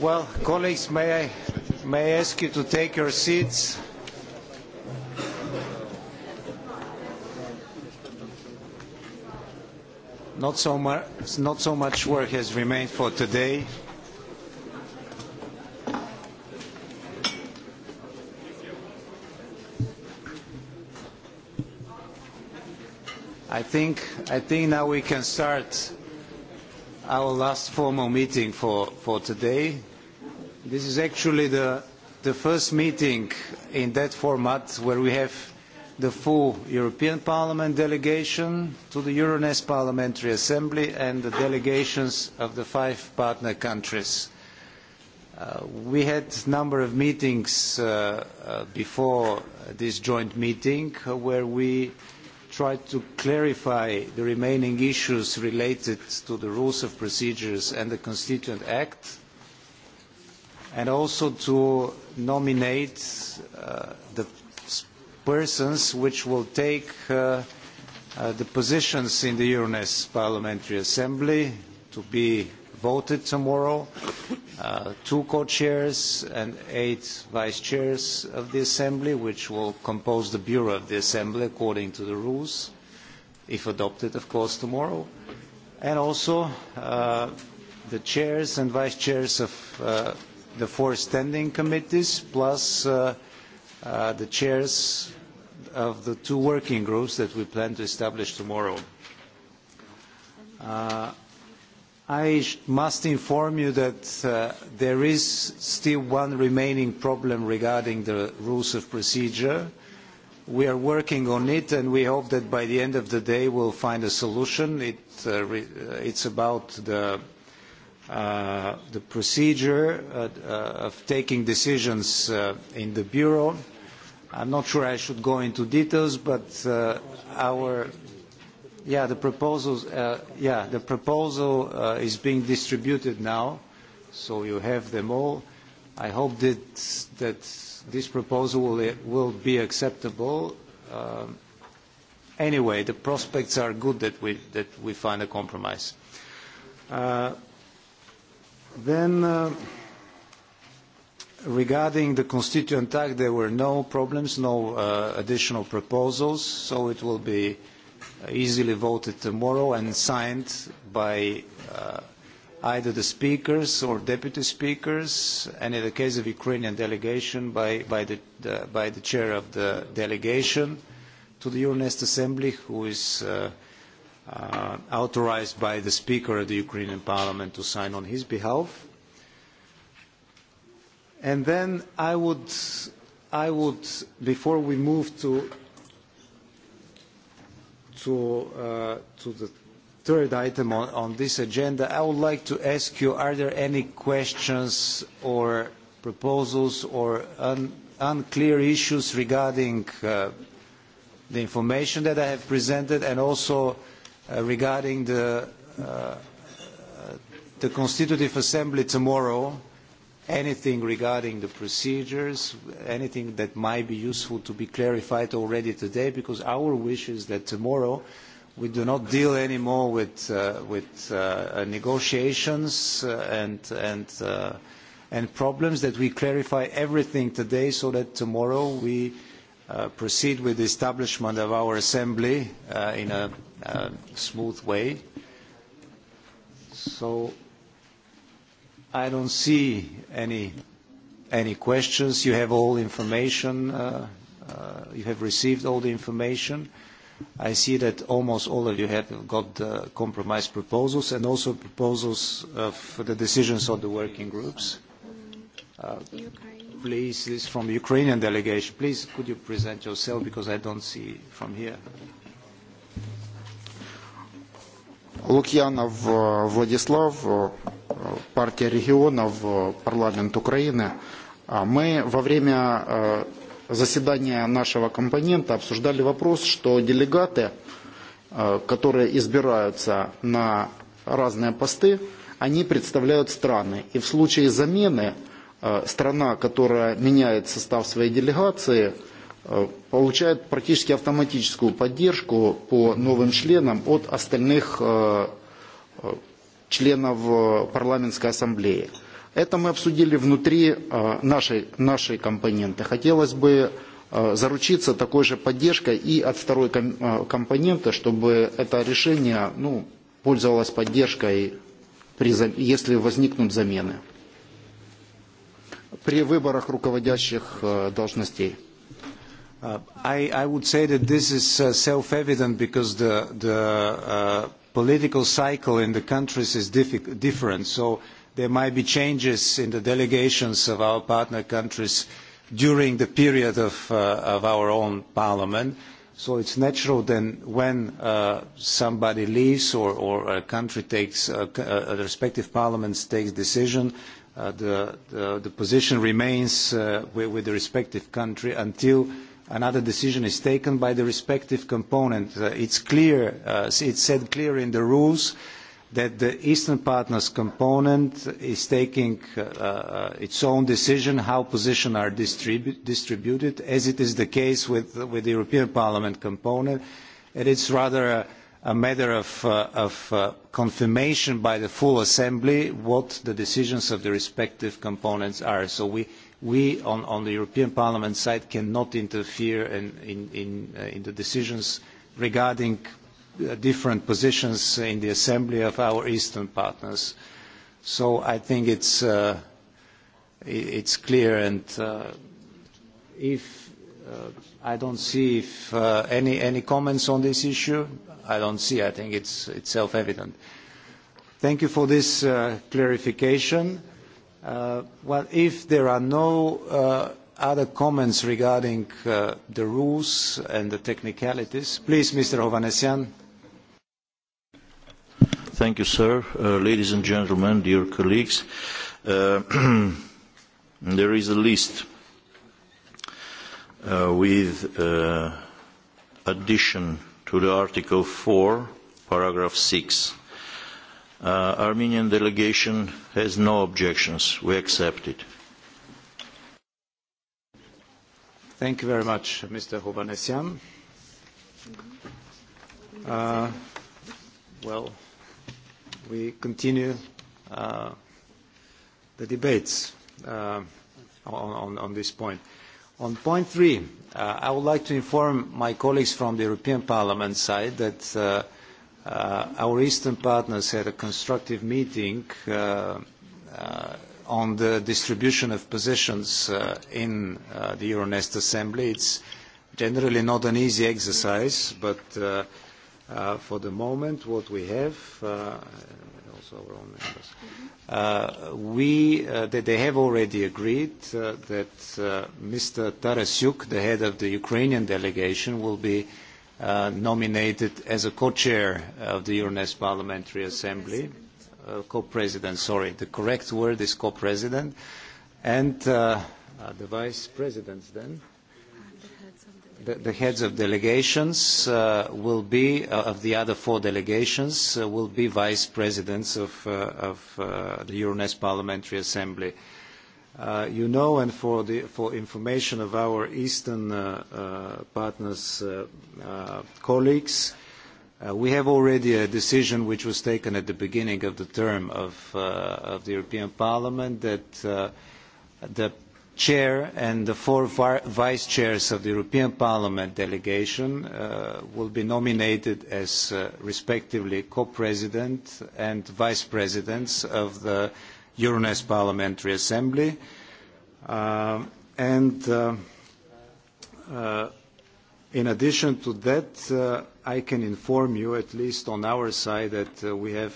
Well, colleagues, may I, may I ask you to take your seats? Not so, much, not so much work has remained for today. I think, I think now we can start our last formal meeting for, for today. This is actually the, the first meeting in that format where we have the full European Parliament delegation to the Euronest Parliamentary Assembly and the delegations of the five partner countries. Uh, we had a number of meetings uh, uh, before this joint meeting where we uh, try to clarify the remaining issues related to the rules of procedures and the Constituent Act, and also to nominate uh, the persons which will take uh, uh, the positions in the Euronest Parliamentary Assembly, to be voted tomorrow. Uh, two co-chairs and eight vice-chairs of the Assembly, which will compose the Bureau of the Assembly according to the rules, if adopted, of course, tomorrow. And also uh, the chairs and vice-chairs of uh, the four standing committees, plus uh, uh, the chairs of the two working groups that we plan to establish tomorrow. Uh, I must inform you that uh, there is still one remaining problem regarding the rules of procedure. We are working on it, and we hope that by the end of the day, we'll find a solution. It, uh, uh it's about the, uh, the procedure uh, uh, of taking decisions in the Bureau. I'm not sure I should go into details, but our Yeah, the proposals, uh, yeah, the proposal uh, is being distributed now, so you have them all. I hope that, this proposal will, be acceptable. Um, anyway, the prospects are good that we, find a compromise. Uh, then, regarding the Constituent Act, there were no problems, no additional proposals, so it will be Uh, easily voted tomorrow and signed by uh, either the speakers or deputy speakers, and in the case of Ukrainian delegation, by, by, the, the, by the chair of the delegation to the Euronest Assembly, who is uh, uh, authorized by the Speaker of the Ukrainian Parliament to sign on his behalf. And then I would, I would before we move to to, uh, to the third item on, on this agenda, I would like to ask you, are there any questions or proposals or un unclear issues regarding uh, the information that I have presented and also uh, regarding the, uh, uh the Constitutive Assembly tomorrow anything regarding the procedures, anything that might be useful to be clarified already today, because our wish is that tomorrow we do not deal anymore with, uh, with uh, negotiations uh, and, and, uh, and problems, that we clarify everything today so that tomorrow we uh, proceed with the establishment of our assembly uh, in a smooth way. So I don't see any, any questions. You have all information. Uh, uh, you have received all the information. I see that almost all of you have got the compromise proposals and also proposals uh, for the decisions of the working groups. please, this is from the Ukrainian delegation. Please, could you present yourself because I don't see from here. Лукьянов Владислав, партия регионов, парламент Украины. Мы во время заседания нашего компонента обсуждали вопрос, что делегаты, которые избираются на разные посты, они представляют страны. И в случае замены страна, которая меняет состав своей делегации – получают практически автоматическую поддержку по новым членам от остальных членов парламентской ассамблеи. Это мы обсудили внутри нашей, нашей компоненты. Хотелось бы заручиться такой же поддержкой и от второй компоненты, чтобы это решение ну, пользовалось поддержкой, при, если возникнут замены при выборах руководящих должностей. Uh, I, would say that this is uh, self-evident because the, the uh, political cycle in the countries is different. So there might be changes in the delegations of our partner countries during the period of, uh, of our own parliament. So it's natural then when somebody leaves or, or a country takes, a respective parliament takes decision, the, the, the position remains with, with the respective country until another decision is taken by the respective component. Uh, it's clear, uh, it's said clear in the rules that the Eastern Partners component is taking uh, uh its own decision how positions are distribu distributed, as it is the case with, with the European Parliament component. And it's rather a, a matter of, uh, of uh, confirmation by the full assembly what the decisions of the respective components are. So we, we on, on the European Parliament side cannot interfere in, in, in, uh, in the decisions regarding uh, different positions in the assembly of our eastern partners. So I think it's, uh, it's clear and uh, if uh, I don't see if uh, any, any comments on this issue, I don't see. I think it's, it's self-evident. Thank you for this uh, clarification. Uh, well, if there are no uh, other comments regarding uh, the rules and the technicalities, please, Mr. Hovhannisyan. Thank you, sir. Ladies and gentlemen, dear colleagues, there is a list with addition to the Article 4, paragraph 6 Uh, Armenian delegation has no objections. We accept it. Thank you very much, Mr. Hovanesyan. Uh, well, we continue uh, the debates uh, on, on this point. On point three, uh, I would like to inform my colleagues from the European Parliament side that uh, Uh, our Eastern partners had a constructive meeting uh, uh, on the distribution of positions in the Euronest Assembly. It's generally not an easy exercise, but for the moment, what we have, also our own members, we, that they have already agreed that Mr. Tarasyuk, the head of the Ukrainian delegation, will be Uh, nominated as a co-chair of the Euronest Parliamentary Assembly, uh, co-president, sorry, the correct word is co-president, and uh, the vice presidents then. The, heads of delegations will be, of the other four delegations, will be vice presidents of, of the Euronest Parliamentary Assembly. Uh, you know, and for the information of our Eastern uh, uh, partners colleagues, we have already a decision which was taken at the beginning of the term of, of the European Parliament that the chair and the four vice chairs of the European Parliament delegation will be nominated as respectively co-president and vice presidents of the Euronest Parliamentary Assembly. Uh, and uh, uh, in addition to that, I can inform you, at least on our side, that we have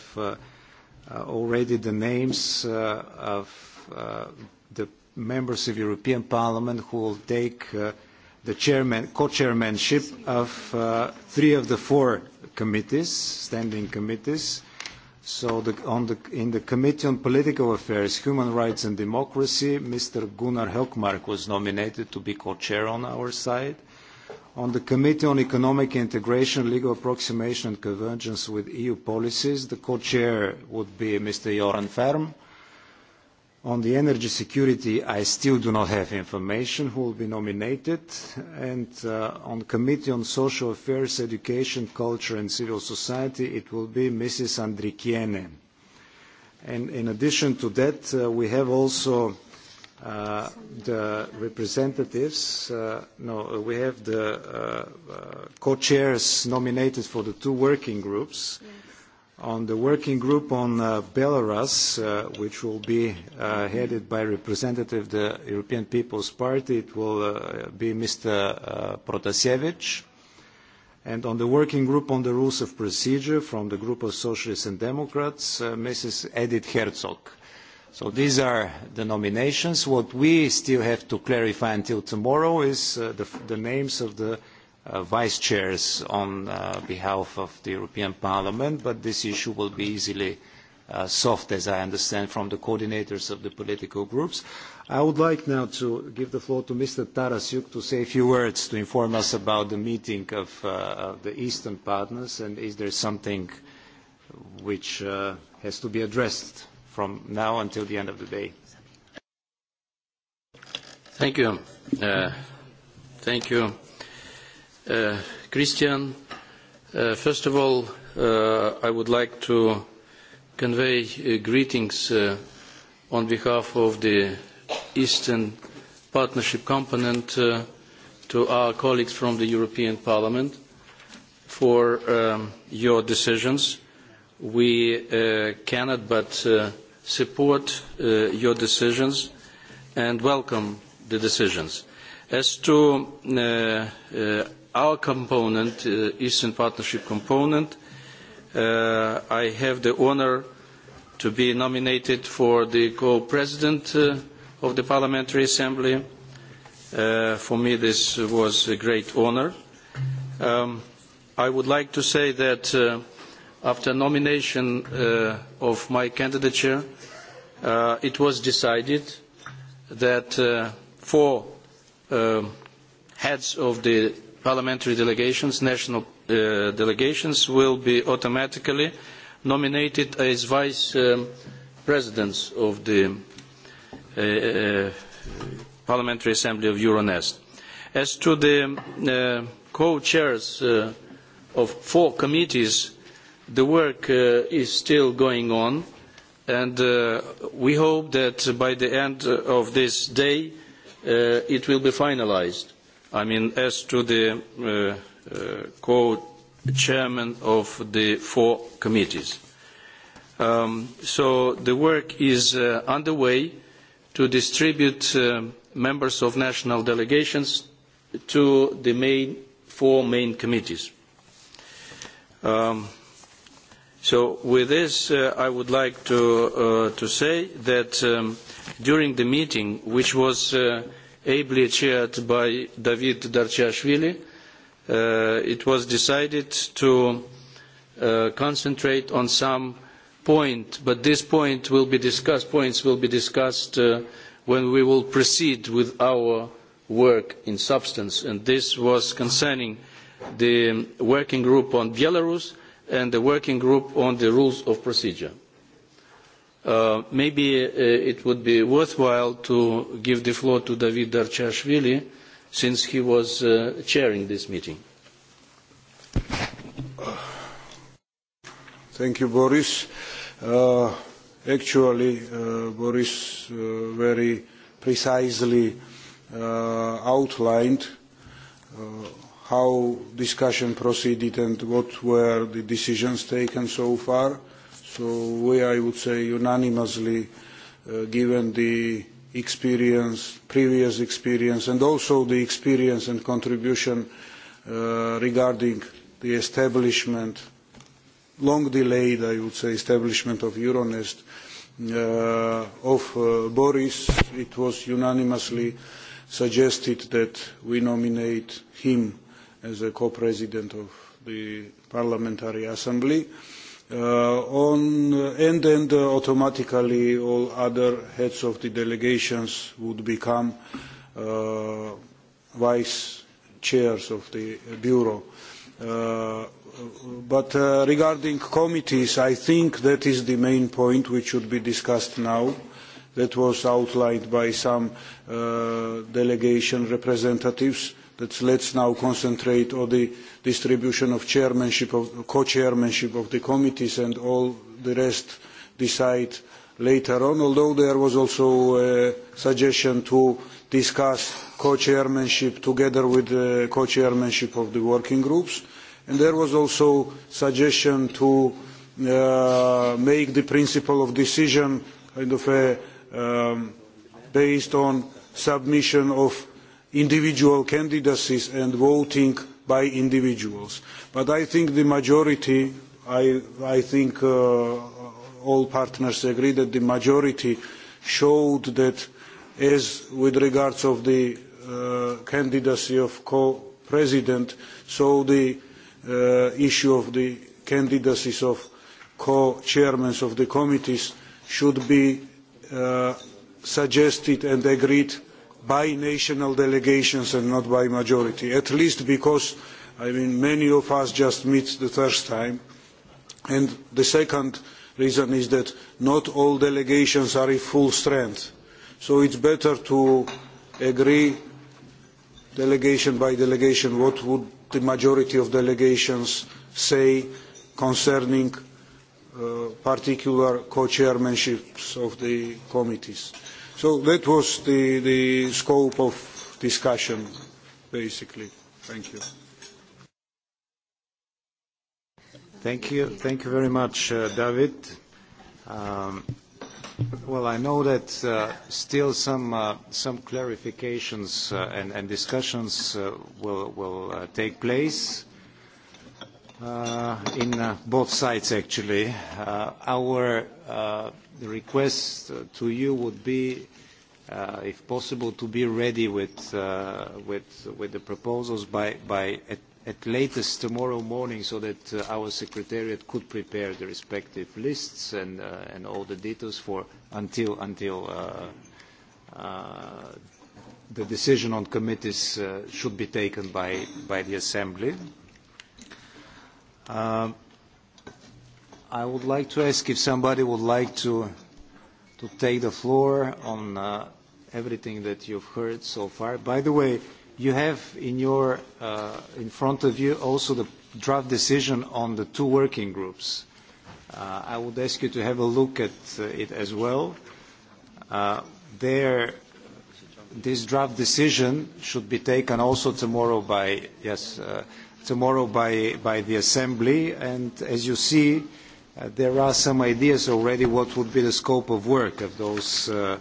already the names of the members of European Parliament who will take the chairman, co-chairmanship of three of the four committees, standing committees So the, on the, in the Committee on Political Affairs, Human Rights and Democracy, Mr. Gunnar Helkmark was nominated to be co-chair on our side. On the Committee on Economic Integration, Legal Approximation and Convergence with EU Policies, the co-chair would be Mr. Joran Ferm. On the energy security, I still do not have information who will be nominated. And uh, on Committee on Social Affairs, Education, Culture and Civil Society, it will be Mrs. Andrikiene. And in addition to that, uh, we have also uh, the representatives, uh, no, uh, we have the uh, uh, co-chairs nominated for the two working groups. Yes on the working group on uh, Belarus, uh, which will be uh, headed by representative of the European People's Party. It will uh, be Mr. Uh, Protasevich. And on the working group on the rules of procedure from the group of Socialists and Democrats, uh, Mrs. Edith Herzog. So these are the nominations. What we still have to clarify until tomorrow is the, the names of the Uh, vice chairs on uh, behalf of the European Parliament, but this issue will be easily uh, solved, as I understand, from the coordinators of the political groups. I would like now to give the floor to Mr. Tarasuk to say a few words to inform us about the meeting of, uh, of the Eastern partners and is there something which uh, has to be addressed from now until the end of the day. Thank you. Uh, thank you. Uh, Christian, uh, first of all, uh, I would like to convey uh, greetings uh, on behalf of the Eastern Partnership component uh, to our colleagues from the European Parliament for um, your decisions. We cannot but support your decisions and welcome the decisions. As to our component, uh, Eastern Partnership component, uh, I have the honor to be nominated for the co-president uh, of the Parliamentary Assembly. Uh, for me, this was a great honor. Um, I would like to say that uh, after nomination uh, of my candidature, uh, it was decided that uh, four uh, heads of the parliamentary delegations, national uh, delegations, will be automatically nominated as vice um, presidents of the uh, uh Parliamentary Assembly of Euronest. As to the um, uh, co-chairs uh, of four committees, the work is still going on and uh, we hope that by the end of this day uh, it will be finalised. I mean, as to the uh, uh, co-chairman of the four committees. Um, so the work is uh, underway to distribute uh, members of national delegations to the main, four main committees. Um, so with this, uh, I would like to, uh, to say that um, during the meeting, which was uh, ably chaired by David Darchashvili, uh, it was decided to uh, concentrate on some point, but this point will be discussed, points will be discussed uh, when we will proceed with our work in substance. And this was concerning the working group on Belarus and the working group on the rules of procedure. Uh, maybe uh, it would be worthwhile to give the floor to David Darchashvili since he was uh, chairing this meeting. Thank you, Boris. actually, Boris very precisely outlined how discussion proceeded and what were the decisions taken so far So we, I would say, unanimously, uh, given the experience, previous experience, and also the experience and contribution uh, regarding the establishment, long delayed, I would say, establishment of Euronest, uh, of Boris, it was unanimously suggested that we nominate him as a co-president of the Parliamentary Assembly. Uh, on, and then automatically all other heads of the delegations would become uh, vice chairs of the bureau. Uh, but uh, regarding committees, I think that is the main point which should be discussed now. That was outlined by some uh, delegation representatives that let's now concentrate on the distribution of chairmanship, of co-chairmanship of the committees and all the rest decide later on, although there was also a suggestion to discuss co-chairmanship together with the co-chairmanship of the working groups. And there was also suggestion to uh, make the principle of decision kind of a, um, based on submission of individual candidacies and voting by individuals. But I think the majority, I, I think uh, all partners agree that the majority showed that as with regards of the uh, candidacy of co-president, so the uh, issue of the candidacies of co-chairmen of the committees should be uh, suggested and agreed by national delegations and not by majority, at least because I mean, many of us just meet the first time. And the second reason is that not all delegations are at full strength. So it's better to agree delegation by delegation what would the majority of delegations say concerning uh, particular co-chairmanships of the committees. So that was the, the scope of discussion, basically. Thank you. Thank you. Thank you very much, uh, David. Um, well, I know that uh, still some, uh, some clarifications uh, and, and discussions uh, will, will uh, take place Uh, in uh, both sides, actually. Uh, our request to you would be, if possible, to be ready with, with, the proposals by, at, latest tomorrow morning so that our secretariat could prepare the respective lists and, and all the details for until, until the decision on committees should be taken by, by the assembly. Uh, I would like to ask if somebody would like to, to take the floor on uh, everything that you've heard so far. By the way, you have in, your, uh, in front of you also the draft decision on the two working groups. Uh, I would ask you to have a look at uh, it as well. Uh, there, this draft decision should be taken also tomorrow by, yes, uh, tomorrow by, by the Assembly. And as you see, uh, there are some ideas already what would be the scope of work of those, uh,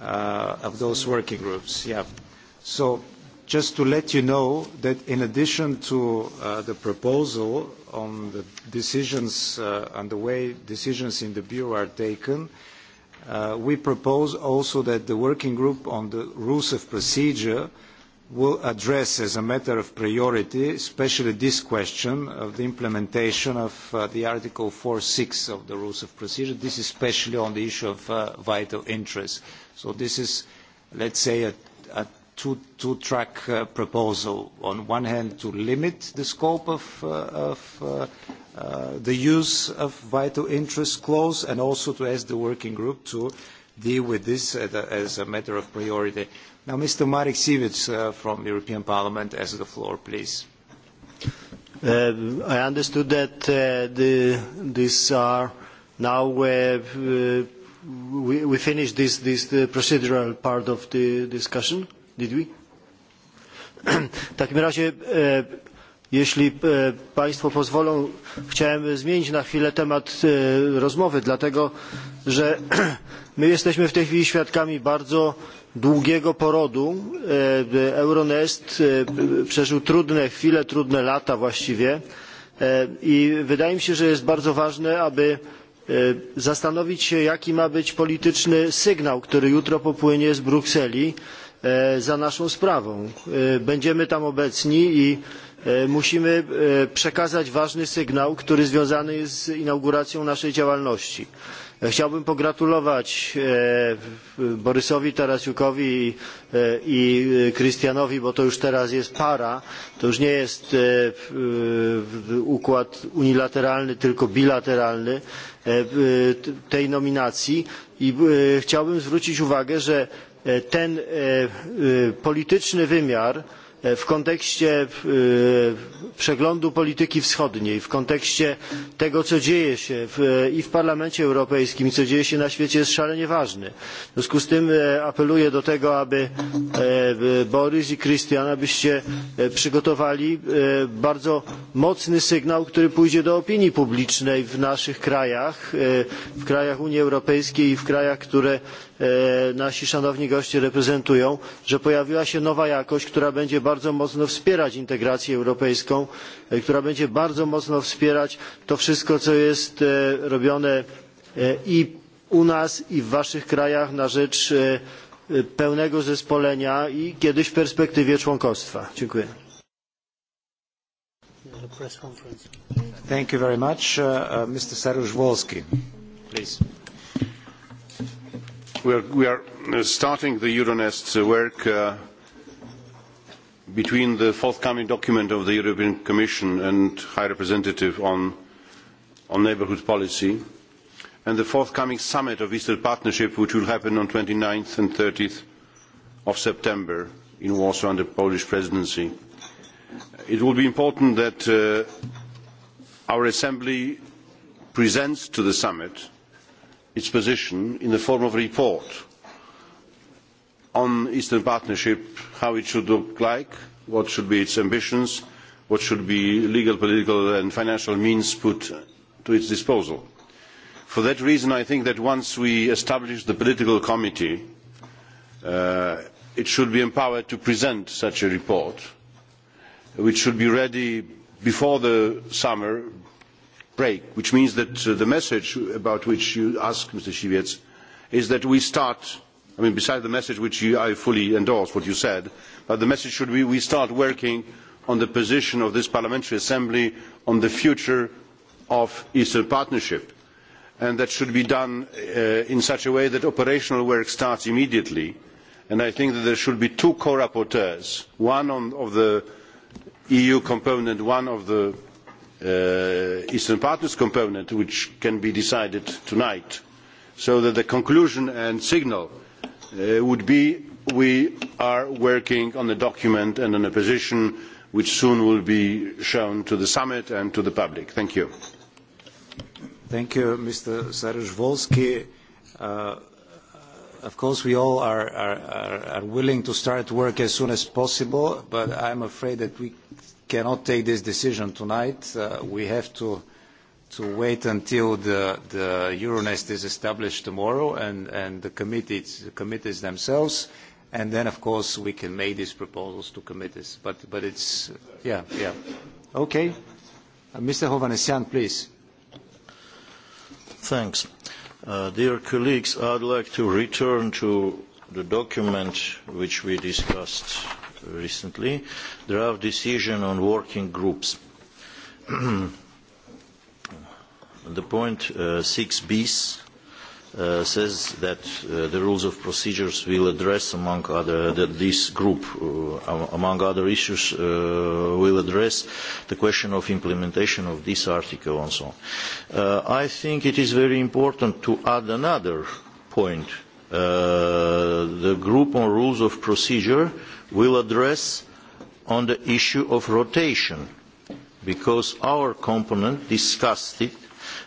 uh, of those working groups. Yeah. So just to let you know that in addition to uh, the proposal on the decisions uh, and the way decisions in the Bureau are taken, uh, we propose also that the working group on the rules of procedure uh, will address as a matter of priority, especially this question of the implementation of uh, the Article 4.6 of the Rules of Procedure. This is especially on the issue of uh, vital interest. So this is, let's say, a, a two-track two uh, proposal. On one hand, to limit the scope of, uh, of uh, uh, the use of vital interest clause, and also to ask the working group to deal with this as a, as a matter of priority. Now, Mr. Marek sivits uh, from European Parliament has the floor, please. Uh, I understood that uh, the, these are now uh, we, we finished this, this the procedural part of the discussion, did we? w takim razie uh, Jeśli e, Państwo pozwolą, chciałem zmienić na chwilę temat e, rozmowy, dlatego że my jesteśmy w tej chwili świadkami bardzo długiego porodu. E, Euronest przeżył trudne chwile, trudne lata właściwie i wydaje mi się, że jest bardzo ważne, aby zastanowić się, jaki ma być polityczny sygnał, który jutro popłynie z Brukseli za naszą sprawą. Będziemy tam obecni i E, musimy e, przekazać ważny sygnał który związany jest z inauguracją naszej działalności. E, chciałbym pogratulować borysowi tarasiukowi i krystianowi bo to już teraz jest para to już nie jest układ unilateralny tylko bilateralny tej nominacji i chciałbym zwrócić uwagę że ten polityczny wymiar E, w kontekście e, przeglądu polityki wschodniej w kontekście tego co dzieje się i w parlamencie europejskim i co dzieje się na świecie jest szalenie ważny. w związku z tym e, apeluję do tego aby borys i christian abyście przygotowali bardzo mocny sygnał który pójdzie do opinii publicznej w naszych krajach w krajach unii europejskiej i w krajach które E, nasi szanowni goście reprezentują że pojawiła się nowa jakość która będzie bardzo mocno wspierać integrację europejską e, która będzie bardzo mocno wspierać to wszystko co jest e, robione i u nas i w waszych krajach na rzecz pełnego zespolenia i kiedyś w perspektywie członkostwa. dziękuję. Thank you very much. Uh, uh Mr. Saryusz-Wolski, please we are, uh, starting the Euronest uh, work uh, between the forthcoming document of the European Commission and High Representative on, on neighbourhood policy and the forthcoming summit of Eastern Partnership which will happen on 29th and 30th of September in Warsaw under Polish presidency. It will be important that uh, our Assembly presents to the summit its position in the form of a report on eastern partnership how it should look like what should be its ambitions what should be legal political and financial means put to its disposal for that reason i think that once we establish the political committee uh, it should be empowered to present such a report which should be ready before the summer break, which means that uh, the message about which you ask, Mr. Shivets, is that we start, I mean, besides the message which you, I fully endorse what you said, but the message should be we start working on the position of this Parliamentary Assembly on the future of Eastern Partnership. And that should be done uh, in such a way that operational work starts immediately. And I think that there should be two co-rapporteurs, one on, of the EU component, one of the Uh, eastern partners component which can be decided tonight so that the conclusion and signal uh, would be we are working on a document and on a position which soon will be shown to the summit and to the public. Thank you. Thank you, Mr. Saryusz-Wolski. Uh, of course, we all are, are, are willing to start work as soon as possible, but I'm afraid that we cannot take this decision tonight. Uh, we have to, to wait until the, Euronext is established tomorrow and, the committees, themselves. And then, of course, we can make these proposals to committees. But, but it's, yeah, yeah. Okay. Uh, Mr. Hovhannissian, please. Thanks. Uh, dear colleagues, I'd like to return to the document which we discussed recently, draft decision on working groups. the point uh, 6 bis uh, says that uh, the rules of procedures will address, among other, that this group, uh, among other issues, uh, will address the question of implementation of this article and so on. Uh, I think it is very important to add another point Uh, the group on rules of procedure will address on the issue of rotation because our component discussed it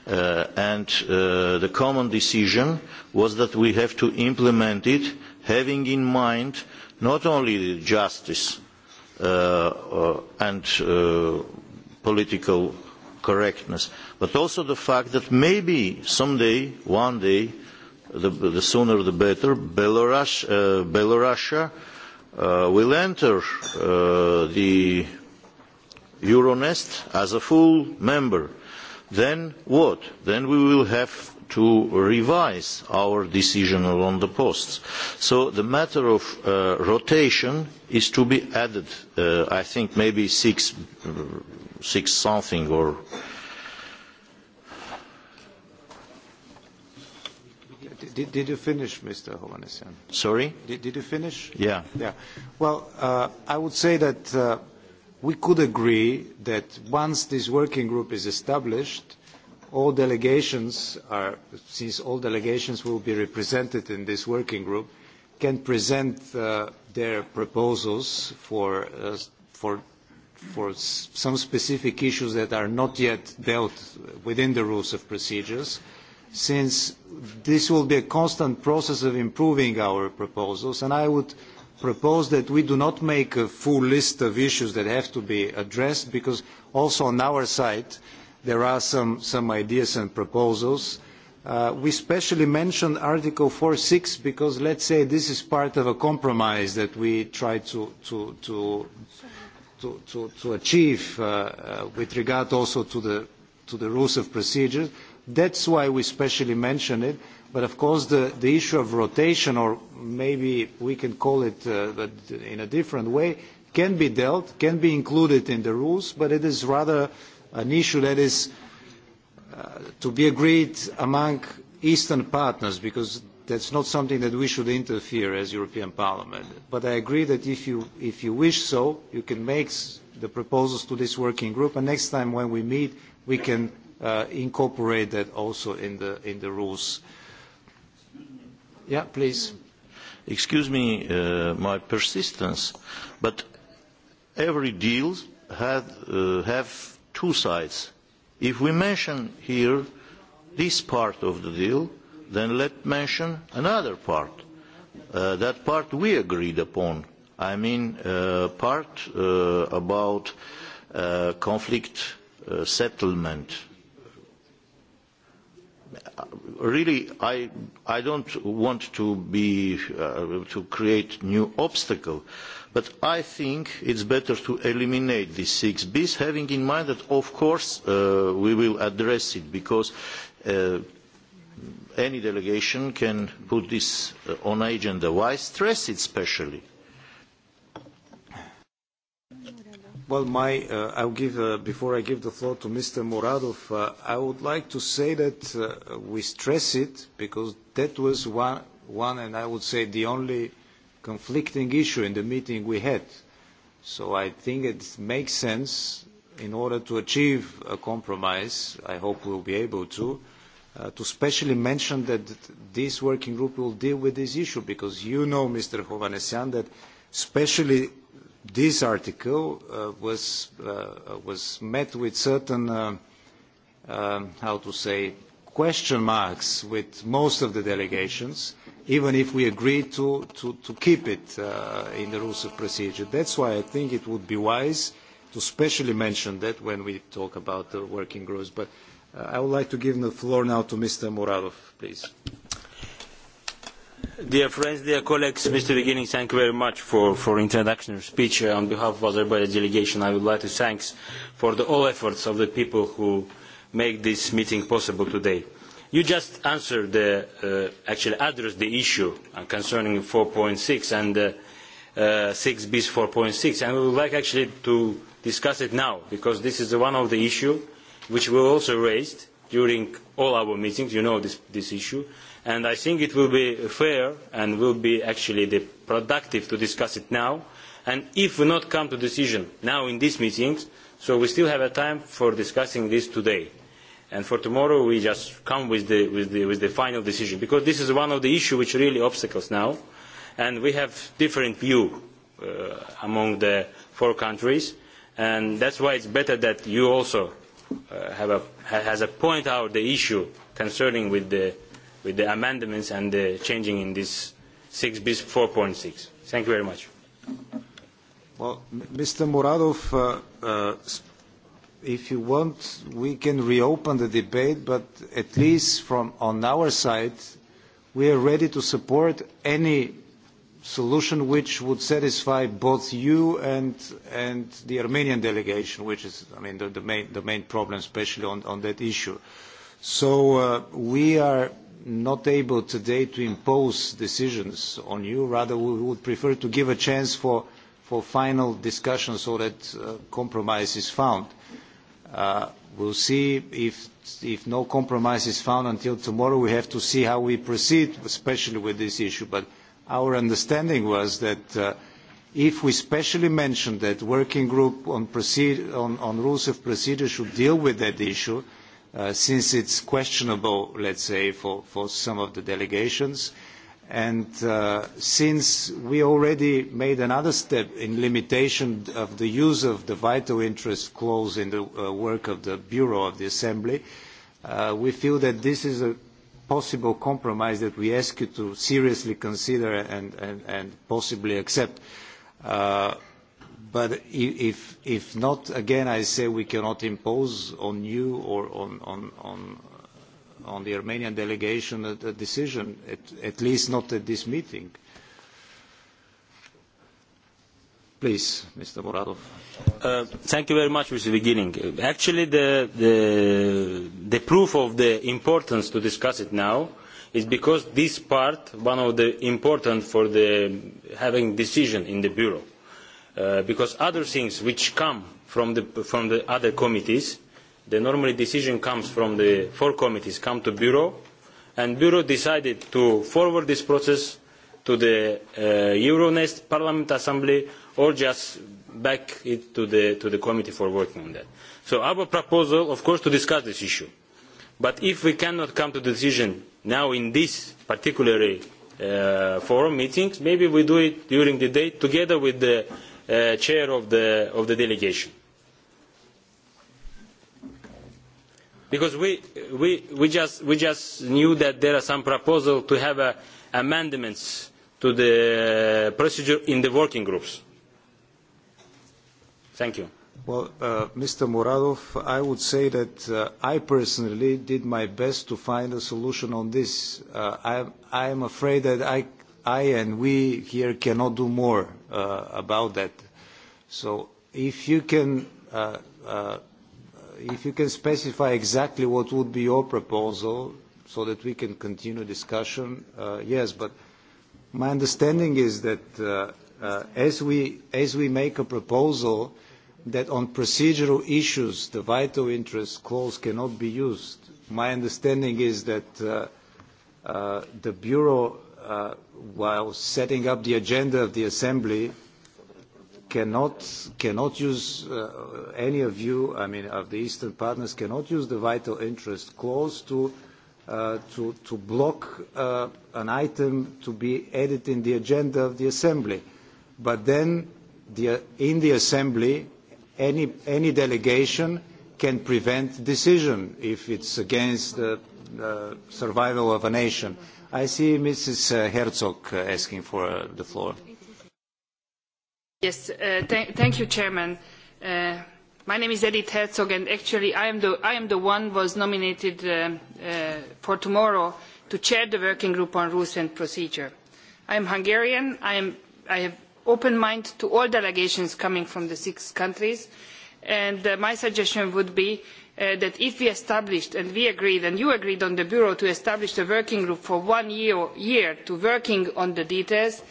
uh, and uh, the common decision was that we have to implement it having in mind not only justice uh, uh and uh, political correctness but also the fact that maybe someday one day the, the sooner the better, Belarus, uh, Belarusia uh, will enter uh, the Euronest as a full member. Then what? Then we will have to revise our decision on the posts. So the matter of uh, rotation is to be added, uh, I think maybe six, six something or Did, did you finish, Mr. Hovhannessian? Sorry? Did, did you finish? Yeah. Yeah. Well, uh, I would say that uh, we could agree that once this working group is established, all delegations are, since all delegations will be represented in this working group, can present uh, their proposals for, uh, for, for some specific issues that are not yet dealt within the rules of procedures. Uh, since this will be a constant process of improving our proposals, and I would propose that we do not make a full list of issues that have to be addressed, because also on our side there are some, ideas and proposals. Uh, we specially mentioned Article 4.6 because let's say this is part of a compromise that we try to, achieve uh, uh, with regard also to the rules of procedure. That's why we specially mention it. But of course, the, issue of rotation, or maybe we can call it uh, in a different way, can be dealt, can be included in the rules, but it is rather an issue that is uh, to be agreed among Eastern partners, because that's not something that we should interfere as European Parliament. But I agree that if you wish so, you can make the proposals to this working group, and next time when we meet, we can Uh, incorporate that also in the, in the rules. Yeah, please. Excuse me, uh, my persistence, but every deal had, uh, have two sides. If we mention here this part of the deal, then let mention another part. Uh, that part we agreed upon. I mean, uh, part uh, about uh, conflict uh, settlement really, I, I don't want to, be, uh, to create new obstacle, but I think it's better to eliminate these six Bs, having in mind that, of course, uh, we will address it, because uh, any delegation can put this uh, on agenda. Why stress it specially? Well, my, uh, I'll give, uh, before I give the floor to Mr. Muradov, uh, I would like to say that uh, we stress it because that was one, one, and I would say the only conflicting issue in the meeting we had. So I think it makes sense in order to achieve a compromise, I hope we'll be able to, uh, to specially mention that this working group will deal with this issue because you know, Mr. Hovanesyan, that especially this article uh, was, uh, was met with certain, uh, um, how to say, question marks with most of the delegations, even if we agreed to, to, to keep it uh, in the rules of procedure. That's why I think it would be wise to specially mention that when we talk about the working groups. But uh, I would like to give the floor now to Mr. Muradov, please. Dear friends, dear colleagues, Mr. Beginning, thank you very much for, for introduction speech. Uh, on behalf of Azerbaijan delegation, I would like to thank for the, all efforts of the people who make this meeting possible today. You just answered the, uh, actually addressed the issue concerning 4.6 and uh, uh, 6 bis 4.6, and we would like actually to discuss it now, because this is one of the issues which we also raised during all our meetings, you know this, this issue, and I think it will be fair and will be actually productive to discuss it now. And if we do not come to a decision now in this meeting so we still have time for discussing this today. And for tomorrow we just come with the, with the, with the final decision, because this is one of the issues which really obstacles now, and we have different view uh, among the four countries, and that's why it's better that you also uh, have a, has a point out the issue concerning with the with the amendments and the changing in this 6 bis 4.6. Thank you very much. Well, Mr. Muradov, uh, uh, if you want, we can reopen the debate, but at least from on our side, we are ready to support any solution which would satisfy both you and, and the Armenian delegation, which is, I mean, the, the, main, the main problem, especially on, on that issue. So uh, we are not able today to impose decisions on you. Rather, we would prefer to give a chance for, for final discussion so that uh, compromise is found. Uh, we'll see if, if no compromise is found until tomorrow. We have to see how we proceed, especially with this issue. But our understanding was that uh, if we specially mentioned that working group on, proceed, on, on rules of procedure should deal with that issue, Uh, since it's questionable, let's say, for, for some of the delegations. And uh, since we already made another step in limitation of the use of the vital interest clause in the uh, work of the Bureau of the Assembly, uh, we feel that this is a possible compromise that we ask you to seriously consider and, and, and possibly accept. Uh, But if, not, again, I say we cannot impose on you or on, the Armenian delegation a, decision, at, least not at this meeting. Please, Mr. Muradov. Uh, thank you very much, Mr. Beginning. Actually, the, proof of the importance to discuss it now is because this part, one of the important for the having decision in the Bureau. Uh, because other things which come from the, from the other committees, the normally decision comes from the four committees, come to Bureau, and Bureau decided to forward this process to the uh, Euronest Parliament Assembly or just back it to the, to the committee for working on that. So our proposal, of course, to discuss this issue. But if we cannot come to the decision now in this particular uh, forum meetings, maybe we do it during the day together with the uh, chair of the, of the delegation. Because we, we, we, just, we just knew that there are some proposals to have uh, amendments to the procedure in the working groups. Thank you. Well, uh, Mr. Muradov, I would say that uh, I personally did my best to find a solution on this. Uh, I, I am afraid that I I and we here cannot do more uh, about that. So if you can uh, uh, if you can specify exactly what would be your proposal so that we can continue discussion, uh, yes, but my understanding is that uh, uh, as we as we make a proposal that on procedural issues the vital interest clause cannot be used. My understanding is that the Bureau Uh, while setting up the agenda of the Assembly, cannot cannot use uh, any of you, I mean, of the Eastern partners, cannot use the vital interest clause to uh, to to block uh, an item to be added in the agenda of the assembly. But then, the, in the assembly, any any delegation can prevent decision if it's against the survival of a nation. I see Mrs. Uh, Herzog uh, asking for uh, the floor. Yes, uh, th thank you, Chairman. Uh, my name is Edith Herzog, and actually I am the, I am the one was nominated uh, uh, for tomorrow to chair the working group on rules and procedure. I am Hungarian. I, am, I have open mind to all delegations coming from the six countries, and uh, my suggestion would be Uh, that if we established and we agreed and you agreed on the bureau to establish a working group for one year, year to working on the details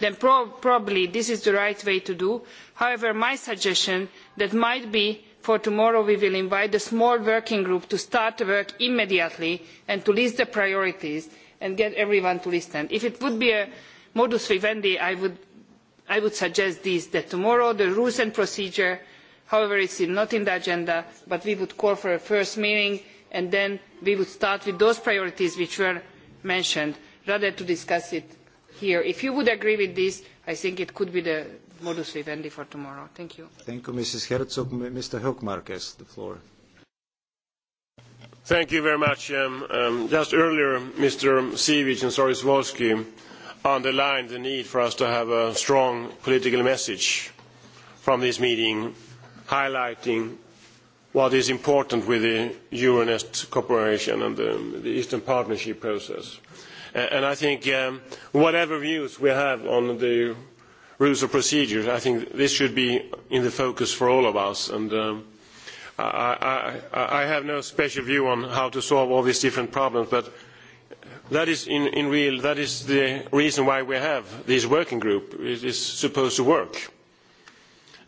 then pro probably this is the right way to do. however my suggestion that might be for tomorrow we will invite a small working group to start work immediately and to list the priorities and get everyone to listen. if it would be a modus vivendi i would, I would suggest this that tomorrow the rules and procedure however it is not on the agenda but we would call for a first meeting and then we would start with those priorities which were mentioned rather than discussing it here. if you would agree with this i think it could be the modus vivendi for tomorrow. thank you. thank you mrs herzog. mr hkmark has the floor. Thank you very much. Um, um, just earlier, Mr. Sivic and Soroswolski underlined the need for us to have a strong political message from this meeting highlighting what is important with the Euronest cooperation and the, the Eastern Partnership process. And I think um, whatever views we have on the rules of procedure, I think this should be in the focus for all of us. And um, I, I, I have no special view on how to solve all these different problems, but that is in, in real, that is the reason why we have this working group. It is supposed to work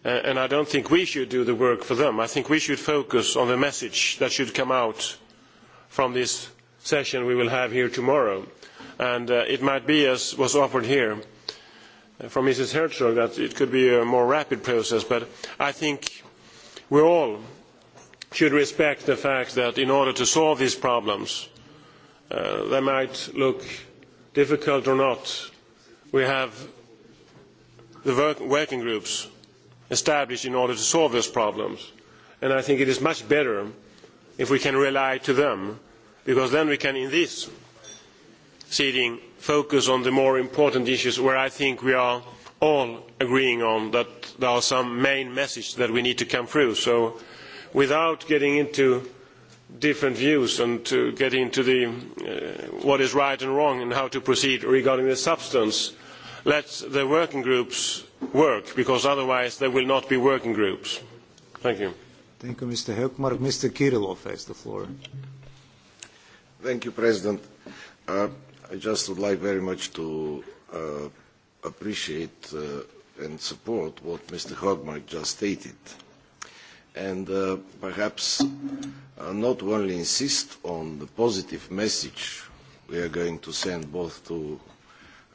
Uh, and I do not think we should do the work for them. I think we should focus on the message that should come out from this session we will have here tomorrow. And uh, it might be, as was offered here uh, from Mrs. herczog that it could be a more rapid process, but I think we all should respect the fact that in order to solve these problems, uh, they might look difficult or not, we have the work working groups established in order to solve those problems. And I think it is much better if we can rely on them, because then we can, in this sitting, focus on the more important issues where I think we are all agreeing on that there are some main messages that we need to come through. So without getting into different views and to get into the, uh, what is right and wrong and how to proceed regarding the substance, uh, let the working groups work because otherwise there will not be working groups. Thank you. Thank you, Mr. Hökmark. Mr. Kirillov has the floor. Thank you, President. Uh, I just would like very much to uh, appreciate uh, and support what Mr. Hökmark just stated. And uh, perhaps uh, not only insist on the positive message we are going to send both to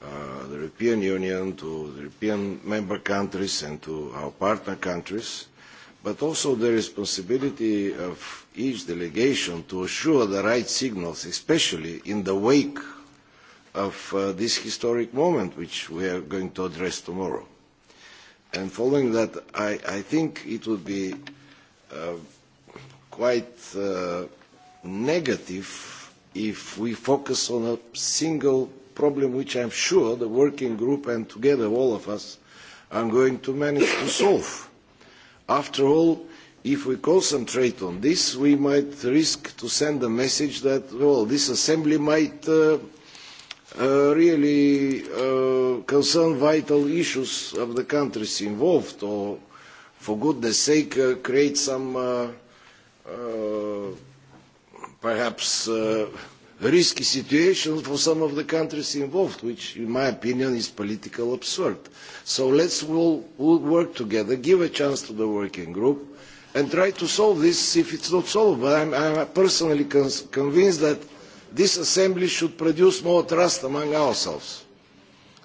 Uh, the European Union, to the European member countries and to our partner countries, but also the responsibility of each delegation to assure the right signals, especially in the wake of uh, this historic moment which we are going to address tomorrow. And following that, I, I think it would be uh, quite uh, negative if we focus on a single problem which I'm sure the working group and together all of us are going to manage to solve. After all, if we concentrate on this, we might risk to send a message that, well, this assembly might uh, uh, really uh, concern vital issues of the countries involved or, for goodness sake, uh, create some, uh, uh, perhaps, uh, risky situation for some of the countries involved, which in my opinion is politically absurd. So let us all work together, give a chance to the working group, and try to solve this if it is not solved. i am personally convinced that this assembly should produce more trust among ourselves.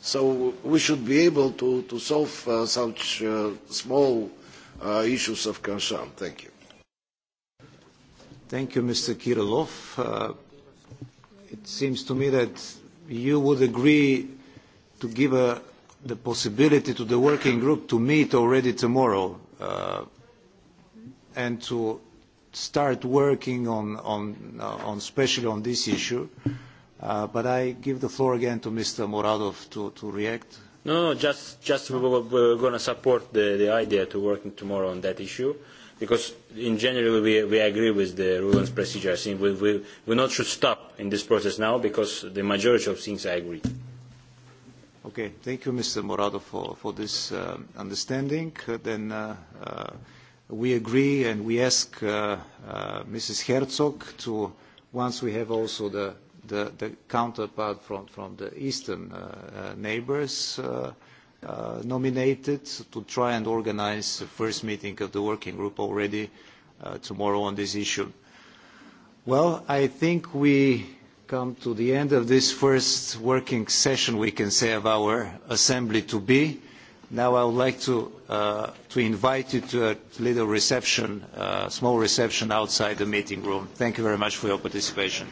So we should be able to, to solve uh, such uh, small uh, issues of concern. Thank you. Thank you, Mr. Kirilov. Uh, it seems to me that you would agree to give a, uh, the possibility to the working group to meet already tomorrow uh, and to start working on, on, uh, on especially on this issue. Uh, but I give the floor again to Mr. Moradov to, to react. No, no, just, just we're going to support the, the idea to working tomorrow on that issue because in general we, we agree with the rules and procedure. I think we, we, we not should stop in this process now because the majority of things I agree. Okay, thank you, Mr. Morado, for, for this uh, understanding. Uh, then uh, uh, we agree and we ask uh, uh, Mrs. Herzog to, once we have also the, the, the counterpart from, from the eastern uh, uh, neighbors, uh, uh, nominated to try and organize the first meeting of the working group already uh, tomorrow on this issue. Well, I think we come to the end of this first working session, we can say, of our assembly to be. Now I would like to, uh, to invite you to a little reception, uh, small reception outside the meeting room. Thank you very much for your participation.